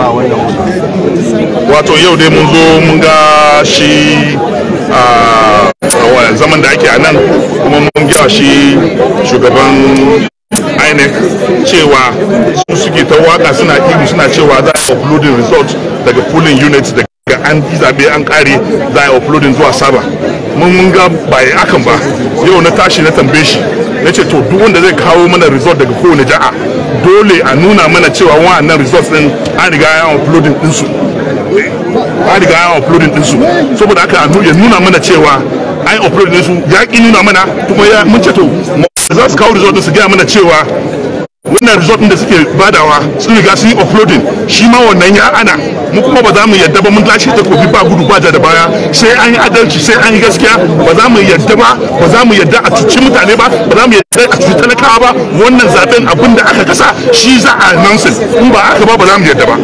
ba wannan wato yau dai mun zo mun ga shi ah, a zaman da ake a nan kuma mun gaya shi shugaban inec cewa su suke ta waka suna ihu suna cewa za a uploading result daga pooling unit daga an zaɓe an ƙare za a uploading zuwa saba mun ga baye akan ba yau na tashi na tambaye shi na ce to duk wanda zai kawo mana result daga kowane ja'a dole a nuna mana cewa wa'annan resort din an riga ya flooding dinsu an riga ya flooding dinsu saboda haka ya nuna mana cewa an flooding dinsu ya ƙi nuna mana kuma ya mun ce to za su kawo result su gaya mana cewa wannan resort da suke badawa sun riga sun yi offloading shi ma wannan ya ana mu kuma ba za mu yadda ba mun lashe kofi ba gudu ba da baya sai an yi adalci sai an yi gaskiya ba za mu yadda ba ba za mu yadda a cuci mutane ba ba za mu yadda a cuci talakawa ba wannan zaben abin da aka kasa shi za a nansin in ba aka ba ba za mu yadda ba